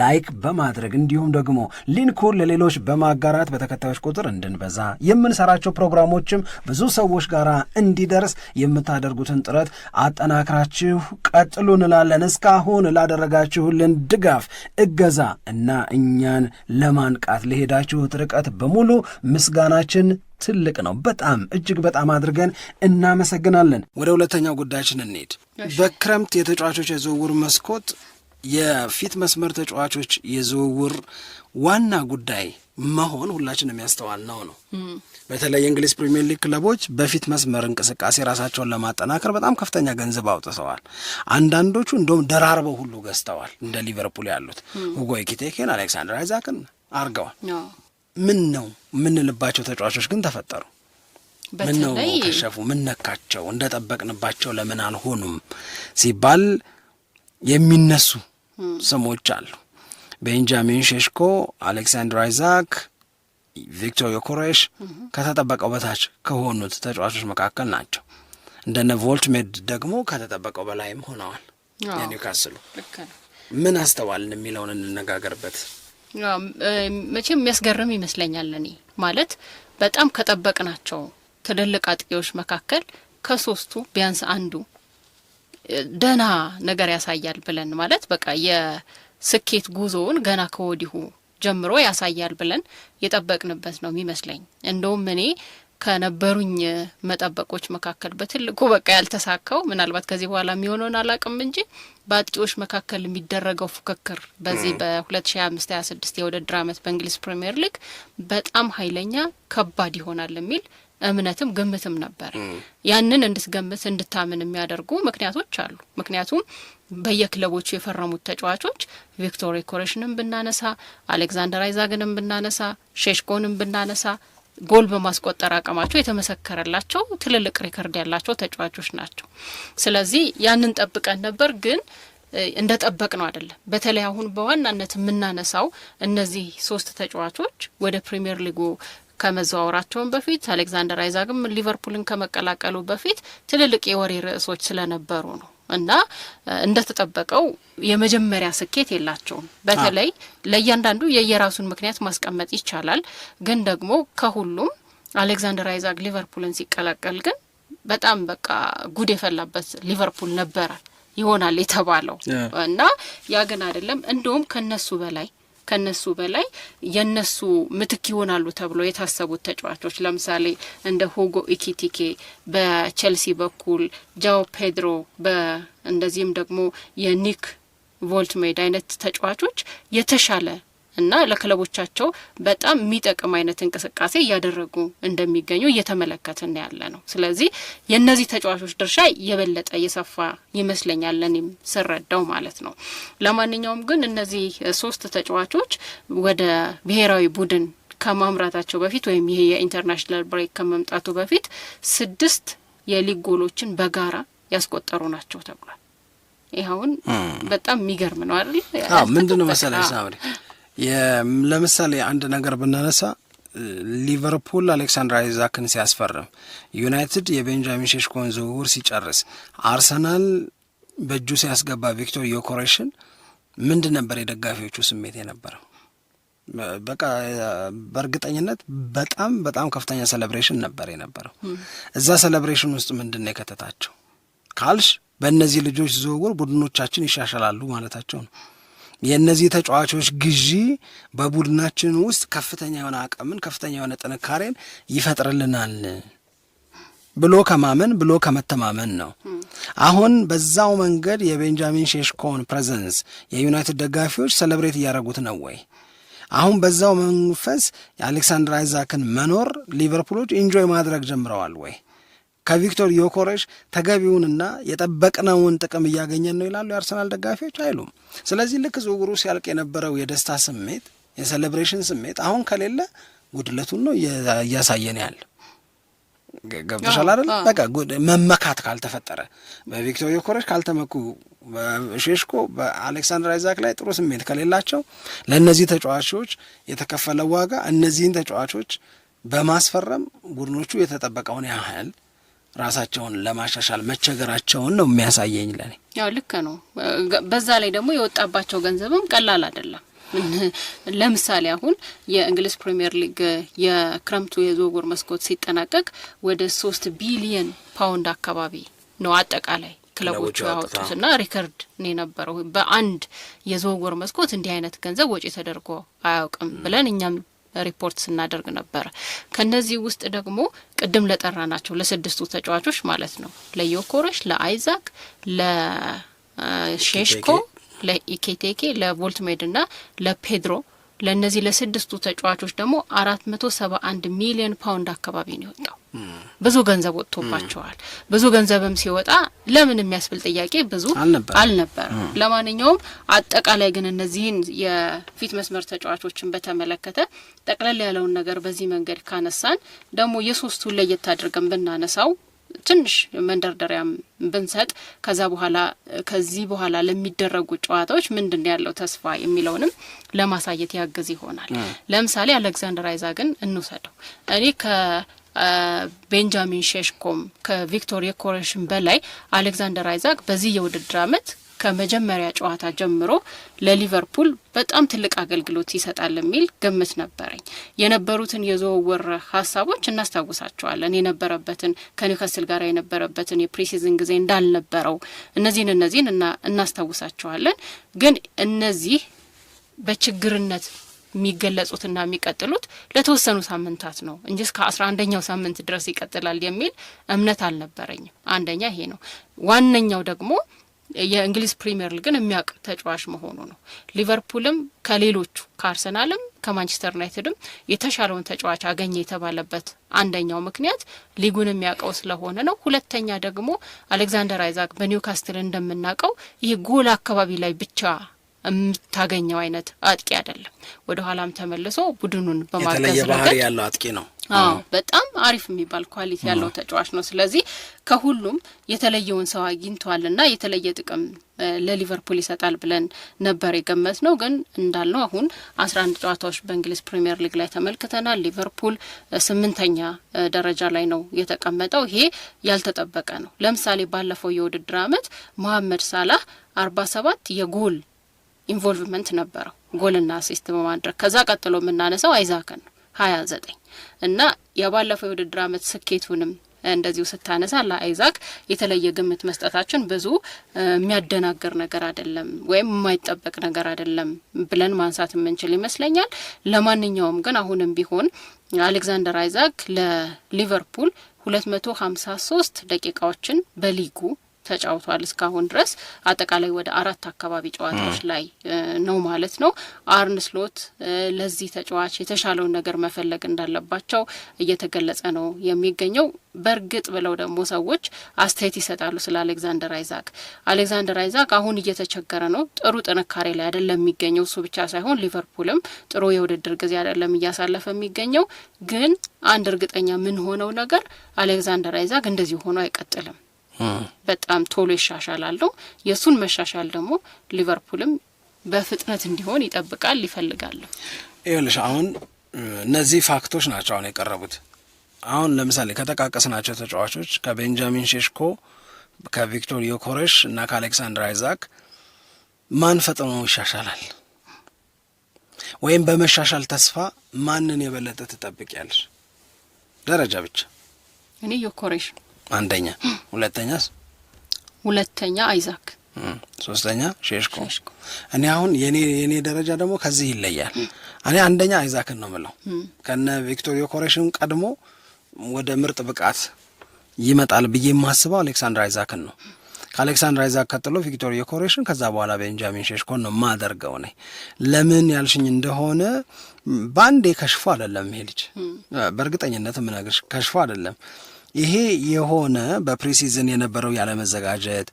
ላይክ በማድረግ እንዲሁም ደግሞ ሊንኩን ለሌሎች በማጋራት በተከታዮች ቁጥር እንድንበዛ የምንሰራቸው ፕሮግራሞችም ብዙ ሰዎች ጋር እንዲደርስ የምታደርጉትን ጥረት አጠናክራችሁ ቀጥሉ እንላለን። እስካሁን ላደረጋችሁልን ድጋፍ፣ እገዛ እና እኛን ለማንቃት ለሄዳችሁት ርቀት በሙሉ ምስጋናችን ትልቅ ነው። በጣም እጅግ በጣም አድርገን እናመሰግናለን። ወደ ሁለተኛው ጉዳያችን እንሄድ። በክረምት የተጫዋቾች የዝውውር መስኮት የፊት መስመር ተጫዋቾች የዝውውር ዋና ጉዳይ መሆን ሁላችንም የሚያስተዋል ነው። በተለይ የእንግሊዝ ፕሪሚየር ሊግ ክለቦች በፊት መስመር እንቅስቃሴ ራሳቸውን ለማጠናከር በጣም ከፍተኛ ገንዘብ አውጥተዋል። አንዳንዶቹ እንደውም ደራርበው ሁሉ ገዝተዋል። እንደ ሊቨርፑል ያሉት ሁጎ ኤኪቴኬን፣ አሌክሳንደር አይዛክን አርገዋል። ምን ነው የምንልባቸው ተጫዋቾች ግን ተፈጠሩ። ምን ነው ከሸፉ፣ ምን ነካቸው፣ ጠበቅንባቸው ለምን አልሆኑም ሲባል የሚነሱ ስሞች አሉ። ቤንጃሚን ሼሽኮ፣ አሌክሳንድር አይዛክ፣ ቪክቶር ዮኮሬሽ ከተጠበቀው በታች ከሆኑት ተጫዋቾች መካከል ናቸው። እንደነ ቮልት ሜድ ደግሞ ከተጠበቀው በላይም ሆነዋል። የኒውካስሉ ምን አስተዋልን የሚለውን እንነጋገርበት። መቼም የሚያስገርም ይመስለኛል። እኔ ማለት በጣም ከጠበቅናቸው ትልልቅ አጥቂዎች መካከል ከሶስቱ ቢያንስ አንዱ ደህና ነገር ያሳያል ብለን ማለት በቃ የስኬት ጉዞውን ገና ከወዲሁ ጀምሮ ያሳያል ብለን የጠበቅንበት ነው የሚመስለኝ። እንደውም እኔ ከነበሩኝ መጠበቆች መካከል በትልቁ በቃ ያልተሳካው ምናልባት ከዚህ በኋላ የሚሆነውን አላቅም እንጂ በአጥቂዎች መካከል የሚደረገው ፉክክር በዚህ በ2025 26 የውድድር ዓመት በእንግሊዝ ፕሪምየር ሊግ በጣም ኃይለኛ ከባድ ይሆናል የሚል እምነትም ግምትም ነበር። ያንን እንድትገምት እንድታምን የሚያደርጉ ምክንያቶች አሉ። ምክንያቱም በየክለቦቹ የፈረሙት ተጫዋቾች ቪክቶሪ ኮሬሽንም ብናነሳ፣ አሌክዛንደር አይዛግንም ብናነሳ፣ ሼሽኮንም ብናነሳ ጎል በማስቆጠር አቅማቸው የተመሰከረላቸው ትልልቅ ሪከርድ ያላቸው ተጫዋቾች ናቸው። ስለዚህ ያንን ጠብቀን ነበር ግን እንደ ጠበቅ ነው አይደለም። በተለይ አሁን በዋናነት የምናነሳው እነዚህ ሶስት ተጫዋቾች ወደ ፕሪምየር ሊጉ ከመዘዋወራቸውን በፊት አሌክዛንደር አይዛግም ሊቨርፑልን ከመቀላቀሉ በፊት ትልልቅ የወሬ ርዕሶች ስለነበሩ ነው እና እንደተጠበቀው የመጀመሪያ ስኬት የላቸውም። በተለይ ለእያንዳንዱ የየራሱን ምክንያት ማስቀመጥ ይቻላል። ግን ደግሞ ከሁሉም አሌክዛንደር አይዛግ ሊቨርፑልን ሲቀላቀል ግን በጣም በቃ ጉድ የፈላበት ሊቨርፑል ነበረ ይሆናል የተባለው እና ያ ግን አይደለም። እንደውም ከነሱ በላይ ከነሱ በላይ የነሱ ምትክ ይሆናሉ ተብሎ የታሰቡት ተጫዋቾች ለምሳሌ እንደ ሁጎ ኢኪቲኬ በቼልሲ በኩል ጃው ፔድሮ በእንደዚህም ደግሞ የኒክ ቮልት ሜድ አይነት ተጫዋቾች የተሻለ እና ለክለቦቻቸው በጣም የሚጠቅም አይነት እንቅስቃሴ እያደረጉ እንደሚገኙ እየተመለከትን ያለ ነው። ስለዚህ የእነዚህ ተጫዋቾች ድርሻ የበለጠ እየሰፋ ይመስለኛል እኔም ስረዳው ማለት ነው። ለማንኛውም ግን እነዚህ ሶስት ተጫዋቾች ወደ ብሔራዊ ቡድን ከማምራታቸው በፊት ወይም ይሄ የኢንተርናሽናል ብሬክ ከመምጣቱ በፊት ስድስት የሊግ ጎሎችን በጋራ ያስቆጠሩ ናቸው ተብሏል። ይኸውን በጣም የሚገርም ነው አይደል? ምንድን ነው መሰለህ ለምሳሌ አንድ ነገር ብናነሳ ሊቨርፑል አሌክሳንድር አይዛክን ሲያስፈርም፣ ዩናይትድ የቤንጃሚን ሼሽኮን ዝውውር ሲጨርስ፣ አርሰናል በእጁ ሲያስገባ ቪክቶር ዮኮሬሽን ምንድን ነበር የደጋፊዎቹ ስሜት የነበረው? በቃ በእርግጠኝነት በጣም በጣም ከፍተኛ ሴሌብሬሽን ነበር የነበረው። እዛ ሴሌብሬሽን ውስጥ ምንድን ነው የከተታቸው ካልሽ፣ በእነዚህ ልጆች ዝውውር ቡድኖቻችን ይሻሻላሉ ማለታቸው ነው። የእነዚህ ተጫዋቾች ግዢ በቡድናችን ውስጥ ከፍተኛ የሆነ አቅምን ከፍተኛ የሆነ ጥንካሬን ይፈጥርልናል ብሎ ከማመን ብሎ ከመተማመን ነው። አሁን በዛው መንገድ የቤንጃሚን ሼሽኮን ፕሬዘንስ የዩናይትድ ደጋፊዎች ሰለብሬት እያደረጉት ነው ወይ? አሁን በዛው መንፈስ የአሌክሳንድር አይዛክን መኖር ሊቨርፑሎች ኢንጆይ ማድረግ ጀምረዋል ወይ? ከቪክቶር ዮኮሬሽ ተገቢውንና የጠበቅነውን ጥቅም እያገኘን ነው ይላሉ የአርሰናል ደጋፊዎች አይሉም። ስለዚህ ልክ ዝውውሩ ሲያልቅ የነበረው የደስታ ስሜት፣ የሴሌብሬሽን ስሜት አሁን ከሌለ ጉድለቱን ነው እያሳየን ያለ። ገብቶሻል አይደል? በቃ መመካት ካልተፈጠረ በቪክቶር ዮኮሬሽ ካልተመኩ በሼሽኮ በአሌክሳንድር አይዛክ ላይ ጥሩ ስሜት ከሌላቸው ለእነዚህ ተጫዋቾች የተከፈለ ዋጋ እነዚህን ተጫዋቾች በማስፈረም ቡድኖቹ የተጠበቀውን ያህል ራሳቸውን ለማሻሻል መቸገራቸውን ነው የሚያሳየኝ። ለኔ ያው ልክ ነው። በዛ ላይ ደግሞ የወጣባቸው ገንዘብም ቀላል አይደለም። ለምሳሌ አሁን የእንግሊዝ ፕሪምየር ሊግ የክረምቱ የዝውውር መስኮት ሲጠናቀቅ ወደ ሶስት ቢሊየን ፓውንድ አካባቢ ነው አጠቃላይ ክለቦቹ ያወጡት እና ሪከርድ ነው የነበረው። በአንድ የዝውውር መስኮት እንዲህ አይነት ገንዘብ ወጪ ተደርጎ አያውቅም ብለን እኛም ሪፖርት ስናደርግ ነበር ከነዚህ ውስጥ ደግሞ ቅድም ለጠራ ናቸው ለስድስቱ ተጫዋቾች ማለት ነው ለዮኮረሽ፣ ለአይዛክ፣ ለሼሽኮ፣ ለኢኬቴኬ፣ ለቮልትሜድ ና ለፔድሮ ለእነዚህ ለስድስቱ ተጫዋቾች ደግሞ አራት መቶ ሰባ አንድ ሚሊዮን ፓውንድ አካባቢ ነው የወጣው። ብዙ ገንዘብ ወጥቶባቸዋል። ብዙ ገንዘብም ሲወጣ ለምን የሚያስብል ጥያቄ ብዙ አልነበረም። ለማንኛውም አጠቃላይ ግን እነዚህን የፊት መስመር ተጫዋቾችን በተመለከተ ጠቅለል ያለውን ነገር በዚህ መንገድ ካነሳን ደግሞ የሶስቱን ለየት አድርገን ብናነሳው ትንሽ መንደርደሪያም ብንሰጥ ከዛ በኋላ ከዚህ በኋላ ለሚደረጉ ጨዋታዎች ምንድን ያለው ተስፋ የሚለውንም ለማሳየት ያግዝ ይሆናል። ለምሳሌ አሌክዛንደር አይዛግን እንውሰደው። እኔ ከቤንጃሚን ሼሽኮም ከቪክቶር ኮሬሽን በላይ አሌክዛንደር አይዛክ በዚህ የውድድር ዓመት ከመጀመሪያ ጨዋታ ጀምሮ ለሊቨርፑል በጣም ትልቅ አገልግሎት ይሰጣል የሚል ግምት ነበር። የነበሩትን የዝውውር ሀሳቦች እናስታውሳቸዋለን። የነበረበትን ከኒውካስል ጋር የነበረበትን የፕሪሲዝን ጊዜ እንዳልነበረው እነዚህን እነዚህን እናስታውሳቸዋለን። ግን እነዚህ በችግርነት የሚገለጹትና የሚቀጥሉት ለተወሰኑ ሳምንታት ነው እንጂ እስከ አስራ አንደኛው ሳምንት ድረስ ይቀጥላል የሚል እምነት አልነበረኝም። አንደኛ ይሄ ነው። ዋነኛው ደግሞ የእንግሊዝ ፕሪምየር ሊግን የሚያውቅ ተጫዋች መሆኑ ነው። ሊቨርፑልም ከሌሎቹ ከአርሰናልም ከማንቸስተር ዩናይትድም የተሻለውን ተጫዋች አገኘ የተባለበት አንደኛው ምክንያት ሊጉን የሚያውቀው ስለሆነ ነው። ሁለተኛ ደግሞ አሌክዛንደር አይዛክ በኒውካስትል እንደምናውቀው ይህ ጎል አካባቢ ላይ ብቻ የምታገኘው አይነት አጥቂ አይደለም። ወደ ኋላም ተመልሶ ቡድኑን በማገዝ ረገድ ያለው አጥቂ ነው። አዎ በጣም አሪፍ የሚባል ኳሊቲ ያለው ተጫዋች ነው። ስለዚህ ከሁሉም የተለየውን ሰው አግኝተዋል እና የተለየ ጥቅም ለሊቨርፑል ይሰጣል ብለን ነበር የገመት ነው። ግን እንዳልነው አሁን አስራ አንድ ጨዋታዎች በእንግሊዝ ፕሪምየር ሊግ ላይ ተመልክተናል። ሊቨርፑል ስምንተኛ ደረጃ ላይ ነው የተቀመጠው። ይሄ ያልተጠበቀ ነው። ለምሳሌ ባለፈው የውድድር አመት መሐመድ ሳላህ አርባ ሰባት የጎል ኢንቮልቭመንት ነበረው ጎልና አሲስት በማድረግ ከዛ ቀጥሎ የምናነሳው አይዛክን ነው ሀያ ዘጠኝ እና የባለፈው የውድድር አመት ስኬቱንም እንደዚሁ ስታነሳ ለአይዛክ የተለየ ግምት መስጠታችን ብዙ የሚያደናግር ነገር አይደለም ወይም የማይጠበቅ ነገር አይደለም ብለን ማንሳት የምንችል ይመስለኛል። ለማንኛውም ግን አሁንም ቢሆን አሌክዛንደር አይዛክ ለሊቨርፑል ሁለት መቶ ሀምሳ ሶስት ደቂቃዎችን በሊጉ ተጫውቷል እስካሁን ድረስ አጠቃላይ ወደ አራት አካባቢ ጨዋታዎች ላይ ነው ማለት ነው። አርን ስሎት ለዚህ ተጫዋች የተሻለውን ነገር መፈለግ እንዳለባቸው እየተገለጸ ነው የሚገኘው። በእርግጥ ብለው ደግሞ ሰዎች አስተያየት ይሰጣሉ ስለ አሌክዛንደር አይዛክ። አሌክዛንደር አይዛክ አሁን እየተቸገረ ነው፣ ጥሩ ጥንካሬ ላይ አይደለም የሚገኘው። እሱ ብቻ ሳይሆን ሊቨርፑልም ጥሩ የውድድር ጊዜ አይደለም እያሳለፈ የሚገኘው። ግን አንድ እርግጠኛ ምን ሆነው ነገር አሌክዛንደር አይዛክ እንደዚህ ሆኖ አይቀጥልም በጣም ቶሎ ይሻሻላሉ። የእሱን መሻሻል ደግሞ ሊቨርፑልም በፍጥነት እንዲሆን ይጠብቃል ይፈልጋሉ። ይኸውልሽ አሁን እነዚህ ፋክቶች ናቸው አሁን የቀረቡት። አሁን ለምሳሌ ከጠቃቀስናቸው ተጫዋቾች ከቤንጃሚን ሼሽኮ፣ ከቪክቶር ዮኮሬሽ እና ከአሌክሳንደር አይዛክ ማን ፈጥኖ ይሻሻላል ወይም በመሻሻል ተስፋ ማንን የበለጠ ያለሽ ደረጃ ብቻ እኔ ዮኮሬሽ አንደኛ። ሁለተኛስ? ሁለተኛ አይዛክ፣ ሶስተኛ ሼሽኮ። እኔ አሁን የኔ የኔ ደረጃ ደግሞ ከዚህ ይለያል። እኔ አንደኛ አይዛክን ነው ምለው ከነ ቪክቶሪዮ ኮሬሽን ቀድሞ ወደ ምርጥ ብቃት ይመጣል ብዬ የማስበው አሌክሳንድር አይዛክን ነው። ከአሌክሳንድር አይዛክ ቀጥሎ ቪክቶሪዮ ኮሬሽን፣ ከዛ በኋላ ቤንጃሚን ሼሽኮን ነው ማደርገው። እኔ ለምን ያልሽኝ እንደሆነ በአንዴ ከሽፎ አይደለም ይሄ ልጅ፣ በእርግጠኝነት የምነግርሽ ከሽፎ አይደለም። ይሄ የሆነ በፕሪሲዝን የነበረው ያለመዘጋጀት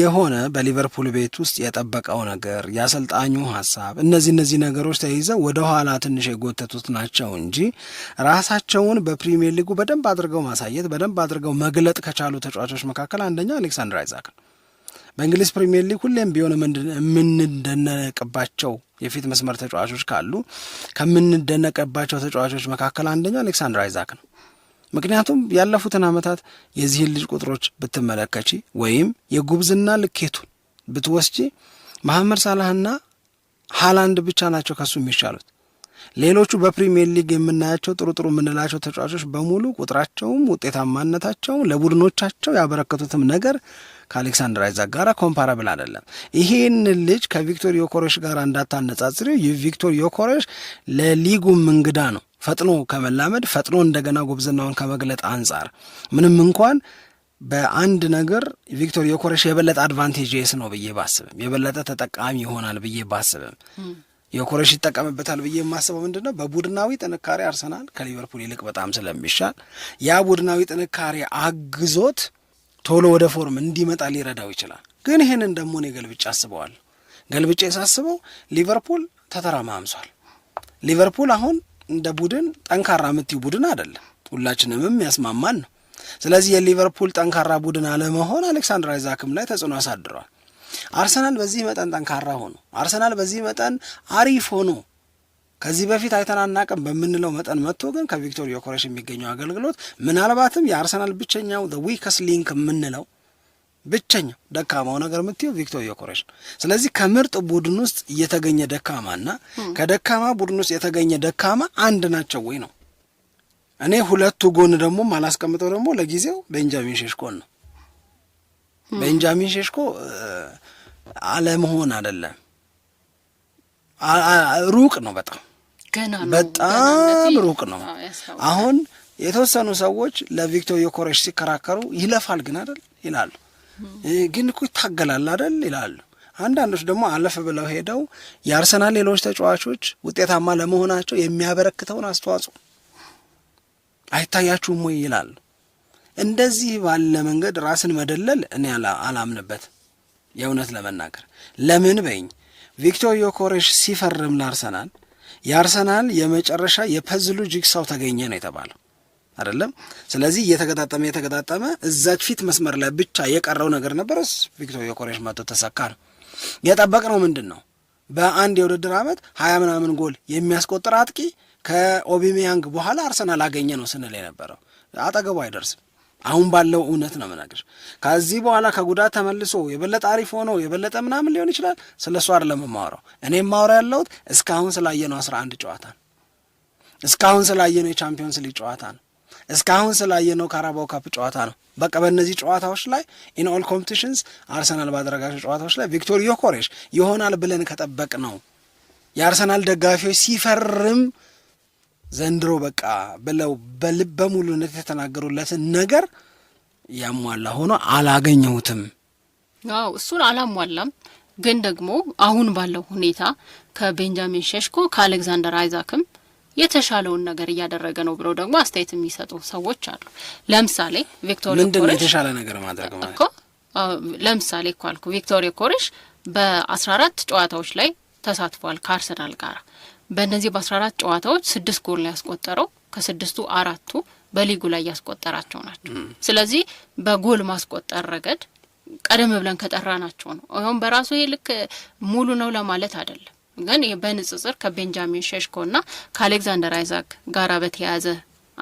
የሆነ በሊቨርፑል ቤት ውስጥ የጠበቀው ነገር የአሰልጣኙ ሀሳብ እነዚህ እነዚህ ነገሮች ተይዘው ወደኋላ ትንሽ የጎተቱት ናቸው እንጂ ራሳቸውን በፕሪሚየር ሊጉ በደንብ አድርገው ማሳየት በደንብ አድርገው መግለጥ ከቻሉ ተጫዋቾች መካከል አንደኛው አሌክሳንድር አይዛክ ነው። በእንግሊዝ ፕሪሚየር ሊግ ሁሌም ቢሆን የምንደነቅባቸው የፊት መስመር ተጫዋቾች ካሉ ከምንደነቅባቸው ተጫዋቾች መካከል አንደኛው አሌክሳንድር አይዛክ ነው። ምክንያቱም ያለፉትን ዓመታት የዚህን ልጅ ቁጥሮች ብትመለከች ወይም የጉብዝና ልኬቱን ብትወስጂ መሐመድ ሳላህና ሃላንድ ብቻ ናቸው ከሱ የሚሻሉት። ሌሎቹ በፕሪሚየር ሊግ የምናያቸው ጥሩ ጥሩ የምንላቸው ተጫዋቾች በሙሉ ቁጥራቸውም ውጤታማነታቸውም ለቡድኖቻቸው ያበረከቱትም ነገር ከአሌክሳንደር አይዛክ ጋር ኮምፓራብል አይደለም። ይህን ልጅ ከቪክቶር ዮኮሬሽ ጋር እንዳታነጻጽሪው። ቪክቶር ዮኮሬሽ ለሊጉም እንግዳ ነው። ፈጥኖ ከመላመድ ፈጥኖ እንደገና ጉብዝናውን ከመግለጥ አንጻር ምንም እንኳን በአንድ ነገር ቪክቶር ዮኮሬሽ የበለጠ አድቫንቴጅ ስ ነው ብዬ ባስብም የበለጠ ተጠቃሚ ይሆናል ብዬ ባስብም ዮኮሬሽ ይጠቀምበታል ብዬ የማስበው ምንድን ነው፣ በቡድናዊ ጥንካሬ አርሰናል ከሊቨርፑል ይልቅ በጣም ስለሚሻል ያ ቡድናዊ ጥንካሬ አግዞት ቶሎ ወደ ፎርም እንዲመጣ ሊረዳው ይችላል። ግን ይህንን ደግሞ እኔ ገልብጬ አስበዋል። ገልብጬ ሳስበው ሊቨርፑል ተተራማምሷል ሊቨርፑል አሁን እንደ ቡድን ጠንካራ የምትዩ ቡድን አይደለም፣ ሁላችንም የሚያስማማን ነው። ስለዚህ የሊቨርፑል ጠንካራ ቡድን አለመሆን አሌክሳንድር አይዛክም ላይ ተጽዕኖ አሳድሯል። አርሰናል በዚህ መጠን ጠንካራ ሆኖ አርሰናል በዚህ መጠን አሪፍ ሆኖ ከዚህ በፊት አይተናናቅም በምንለው መጠን መጥቶ ግን ከቪክቶር ዮከረስ የሚገኘው አገልግሎት ምናልባትም የአርሰናል ብቸኛው ዊከስ ሊንክ የምንለው ብቸኛው ደካማው ነገር የምትየው ቪክቶር ዮኮሬሽ። ስለዚህ ከምርጥ ቡድን ውስጥ የተገኘ ደካማና ከደካማ ቡድን ውስጥ የተገኘ ደካማ አንድ ናቸው ወይ ነው። እኔ ሁለቱ ጎን ደግሞ ማላስቀምጠው ደግሞ ለጊዜው ቤንጃሚን ሼሽኮን ነው። ቤንጃሚን ሼሽኮ አለመሆን አይደለም ሩቅ ነው፣ በጣም በጣም ሩቅ ነው። አሁን የተወሰኑ ሰዎች ለቪክቶር ዮኮሬሽ ሲከራከሩ ይለፋል ግን አይደል ይላሉ። ግን እኮ ይታገላል አይደል ይላሉ። አንዳንዶች ደግሞ አለፍ ብለው ሄደው የአርሰናል ሌሎች ተጫዋቾች ውጤታማ ለመሆናቸው የሚያበረክተውን አስተዋጽኦ አይታያችሁም ወይ ይላሉ። እንደዚህ ባለ መንገድ ራስን መደለል እኔ አላምንበት። የእውነት ለመናገር ለምን በኝ ቪክቶር ዮኮሬሽ ሲፈርም ለአርሰናል የአርሰናል የመጨረሻ የፐዝሉ ጅግሳው ተገኘ ነው የተባለው። አይደለም። ስለዚህ እየተገጣጠመ እየተገጣጠመ እዛች ፊት መስመር ላይ ብቻ የቀረው ነገር ነበረስ ቪክቶር ዮኬሬሽ መቶ ተሳካ ነው የጠበቅነው። ምንድን ነው በአንድ የውድድር ዓመት ሀያ ምናምን ጎል የሚያስቆጥር አጥቂ ከኦቢሚያንግ በኋላ አርሰናል አገኘ ነው ስንል የነበረው አጠገቡ አይደርስም። አሁን ባለው እውነት ነው የምናገር። ከዚህ በኋላ ከጉዳት ተመልሶ የበለጠ አሪፍ ሆኖ የበለጠ ምናምን ሊሆን ይችላል። ስለ እሱ አይደለም የማወራው። እኔ የማወራው ያለሁት እስካሁን ስላየነው አስራ አንድ ጨዋታ ነው። እስካሁን ስላየነው የቻምፒዮንስ ሊግ ጨዋታ ነው። እስካሁን ስላየነው ካራባው ካፕ ጨዋታ ነው። በቃ በእነዚህ ጨዋታዎች ላይ ኢን ኦል ኮምፒቲሽንስ አርሰናል ባደረጋቸው ጨዋታዎች ላይ ቪክቶር ዮኮሬሽ ይሆናል ብለን ከጠበቅ ነው የአርሰናል ደጋፊዎች ሲፈርም ዘንድሮ በቃ ብለው በልብ በሙሉነት የተናገሩለትን ነገር ያሟላ ሆኖ አላገኘሁትም። አዎ እሱን አላሟላም። ግን ደግሞ አሁን ባለው ሁኔታ ከቤንጃሚን ሸሽኮ ከአሌክዛንደር አይዛክም የተሻለውን ነገር እያደረገ ነው ብለው ደግሞ አስተያየት የሚሰጡ ሰዎች አሉ። ለምሳሌ ቪክቶሪ ምንድነው የተሻለ ነገር ማድረግ ማለት እኮ ለምሳሌ እኮ አልኩ ቪክቶሪ ኮሪሽ በአስራ አራት ጨዋታዎች ላይ ተሳትፏል ከአርሰናል ጋር በእነዚህ በአስራ አራት ጨዋታዎች ስድስት ጎል ያስቆጠረው። ከስድስቱ አራቱ በሊጉ ላይ ያስቆጠራቸው ናቸው። ስለዚህ በጎል ማስቆጠር ረገድ ቀደም ብለን ከጠራ ናቸው ነው። ይኸውም በራሱ ይሄ ልክ ሙሉ ነው ለማለት አይደለም። ግን በንጽጽር ከቤንጃሚን ና ከአሌክዛንደር አይዛክ ጋራ በተያያዘ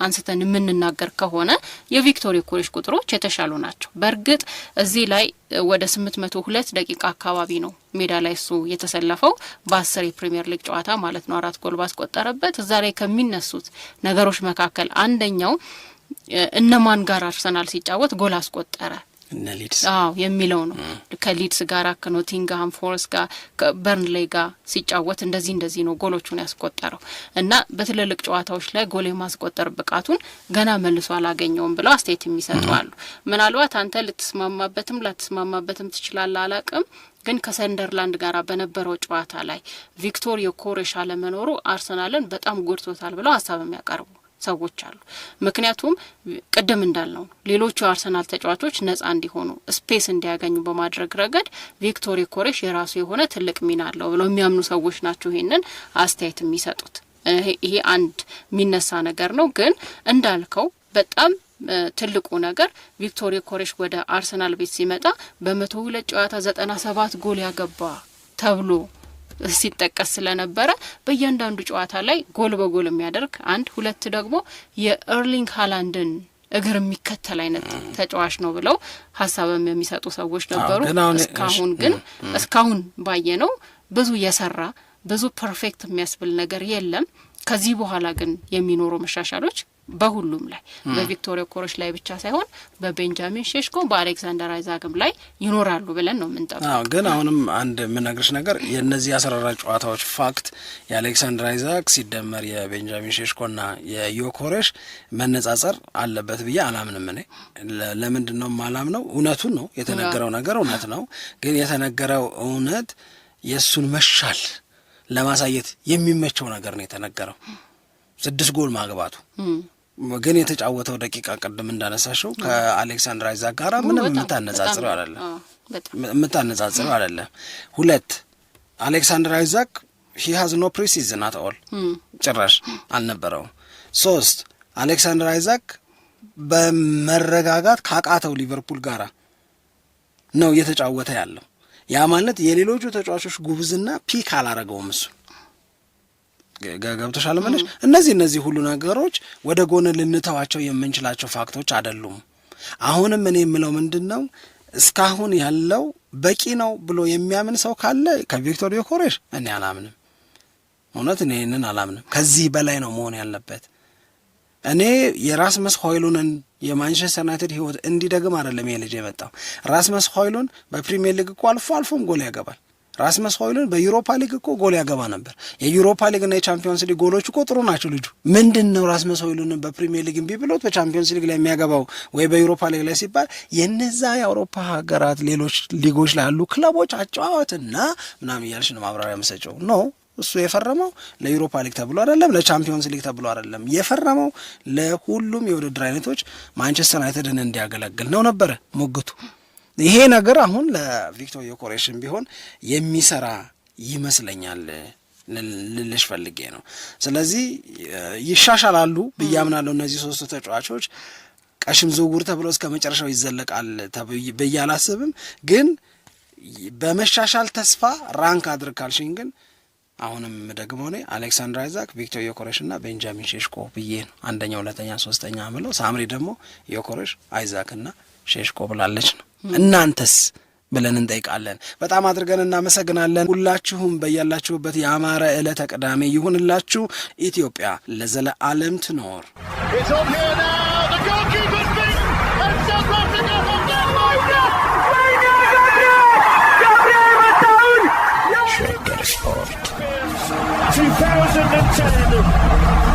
አንስተን የምንናገር ከሆነ የቪክቶሪ ዮኬሬሽ ቁጥሮች የተሻሉ ናቸው። በእርግጥ እዚህ ላይ ወደ ስምንት መቶ ሁለት ደቂቃ አካባቢ ነው ሜዳ ላይ እሱ የተሰለፈው በአስር የፕሪምየር ሊግ ጨዋታ ማለት ነው። አራት ጎል ባስቆጠረበት እዛ ላይ ከሚነሱት ነገሮች መካከል አንደኛው እነማን ጋር አርሰናል ሲጫወት ጎል አስቆጠረ እነ ሊድስ አዎ የሚለው ነው። ከሊድስ ጋር ከኖቲንግሃም ፎረስ ጋር ከበርንሌይ ጋር ሲጫወት እንደዚህ እንደዚህ ነው ጎሎቹን ያስቆጠረው እና በትልልቅ ጨዋታዎች ላይ ጎል የማስቆጠር ብቃቱን ገና መልሶ አላገኘውም ብለው አስተያየት የሚሰጡ አሉ። ምናልባት አንተ ልትስማማበትም ላትስማማበትም ትችላለህ፣ አላቅም ግን ከሰንደርላንድ ጋር በነበረው ጨዋታ ላይ ቪክቶር ዮኬሬሽ አለመኖሩ አርሰናልን በጣም ጎድቶታል ብለው ሀሳብ የሚያቀርቡ ሰዎች አሉ። ምክንያቱም ቅድም እንዳለው ሌሎቹ የአርሰናል ተጫዋቾች ነጻ እንዲሆኑ ስፔስ እንዲያገኙ በማድረግ ረገድ ቪክቶሪ ኮሬሽ የራሱ የሆነ ትልቅ ሚና አለው ብለው የሚያምኑ ሰዎች ናቸው ይህንን አስተያየት የሚሰጡት። ይሄ አንድ የሚነሳ ነገር ነው። ግን እንዳልከው በጣም ትልቁ ነገር ቪክቶሪ ኮሬሽ ወደ አርሰናል ቤት ሲመጣ በመቶ ሁለት ጨዋታ ዘጠና ሰባት ጎል ያገባ ተብሎ ሲጠቀስ ስለነበረ በእያንዳንዱ ጨዋታ ላይ ጎል በጎል የሚያደርግ አንድ ሁለት ደግሞ የኤርሊንግ ሃላንድን እግር የሚከተል አይነት ተጫዋች ነው ብለው ሀሳብም የሚሰጡ ሰዎች ነበሩ። እስካሁን ግን እስካሁን ባየ ነው ብዙ የሰራ ብዙ ፐርፌክት የሚያስብል ነገር የለም። ከዚህ በኋላ ግን የሚኖሩ መሻሻሎች በሁሉም ላይ በቪክቶሪያ ኮሮች ላይ ብቻ ሳይሆን በቤንጃሚን ሼሽኮ በአሌክዛንደር አይዛግም ላይ ይኖራሉ ብለን ነው የምንጠብቀው። ግን አሁንም አንድ የምነግርሽ ነገር የእነዚህ አስራ አራት ጨዋታዎች ፋክት የአሌክሳንደር አይዛግ ሲደመር የቤንጃሚን ሼሽኮና የዮኮሬሽ መነጻጸር አለበት ብዬ አላምንም። እኔ ለምንድን ነው ነው እውነቱን ነው የተነገረው ነገር እውነት ነው። ግን የተነገረው እውነት የእሱን መሻል ለማሳየት የሚመቸው ነገር ነው የተነገረው ስድስት ጎል ማግባቱ ግን የተጫወተው ደቂቃ ቅድም እንዳነሳሽው ከአሌክሳንድር አይዛክ ጋራ ምንም የምታነጻጽረው አይደለም የምታነጻጽረው አይደለም። ሁለት አሌክሳንድር አይዛክ ሀዝ ኖ ፕሪሲዝን አትኦል ጭራሽ አልነበረውም። ሶስት አሌክሳንድር አይዛክ በመረጋጋት ካቃተው ሊቨርፑል ጋራ ነው እየተጫወተ ያለው። ያ ማለት የሌሎቹ ተጫዋቾች ጉብዝና ፒክ አላረገውም እሱ ገብቶሻል መለሽ እነዚህ እነዚህ ሁሉ ነገሮች ወደ ጎን ልንተዋቸው የምንችላቸው ፋክቶች አይደሉም። አሁንም እኔ የምለው ምንድን ነው እስካሁን ያለው በቂ ነው ብሎ የሚያምን ሰው ካለ ከቪክቶር ዮኬሬሽ እኔ አላምንም። እውነት እኔ ይህንን አላምንም። ከዚህ በላይ ነው መሆን ያለበት። እኔ የራስመስ ሆይሉንን የማንቸስተር ዩናይትድ ህይወት እንዲደግም አይደለም ይሄ ልጅ የመጣው። ራስመስ ሆይሉን በፕሪሚየር ሊግ እኮ አልፎ አልፎም ጎል ያገባል። ራስመስ ሆይሉንድ በዩሮፓ ሊግ እኮ ጎል ያገባ ነበር። የዩሮፓ ሊግ እና የቻምፒዮንስ ሊግ ጎሎች እኮ ጥሩ ናቸው። ልጁ ምንድን ነው ራስመስ ሆይሉንድን በፕሪሚየር ሊግ እምቢ ብሎት በቻምፒዮንስ ሊግ ላይ የሚያገባው ወይ በዩሮፓ ሊግ ላይ ሲባል የነዛ የአውሮፓ ሀገራት ሌሎች ሊጎች ላይ ያሉ ክለቦች አጨዋወትና ምናምን እያልሽ ነው ማብራሪያ መሰጨው ነው። እሱ የፈረመው ለዩሮፓ ሊግ ተብሎ አይደለም፣ ለቻምፒዮንስ ሊግ ተብሎ አይደለም። የፈረመው ለሁሉም የውድድር አይነቶች ማንቸስተር ዩናይትድን እንዲያገለግል ነው ነበረ ሞግቱ ይሄ ነገር አሁን ለቪክቶር ዮኮሬሽን ቢሆን የሚሰራ ይመስለኛል ልልሽ ፈልጌ ነው። ስለዚህ ይሻሻላሉ ብዬ እነዚህ ሶስቱ ተጫዋቾች ቀሽም ዝውውር ተብሎ እስከ መጨረሻው ይዘለቃል ብዬ አላስብም። ግን በመሻሻል ተስፋ ራንክ አድርግ ካልሽኝ ግን አሁንም ደግሞ እኔ አሌክሳንድር አይዛክ፣ ቪክቶር ዮኮሬሽ እና ቤንጃሚን ሼሽኮ ብዬ ነው አንደኛ፣ ሁለተኛ፣ ሶስተኛ ምለው። ሳምሪ ደግሞ ዮኮሬሽ፣ አይዛክ እና ሼሽኮ ብላለች ነው። እናንተስ ብለን እንጠይቃለን። በጣም አድርገን እናመሰግናለን። ሁላችሁም በያላችሁበት የአማረ ዕለተ ቅዳሜ ይሁንላችሁ። ኢትዮጵያ ለዘለዓለም ትኖር። 2010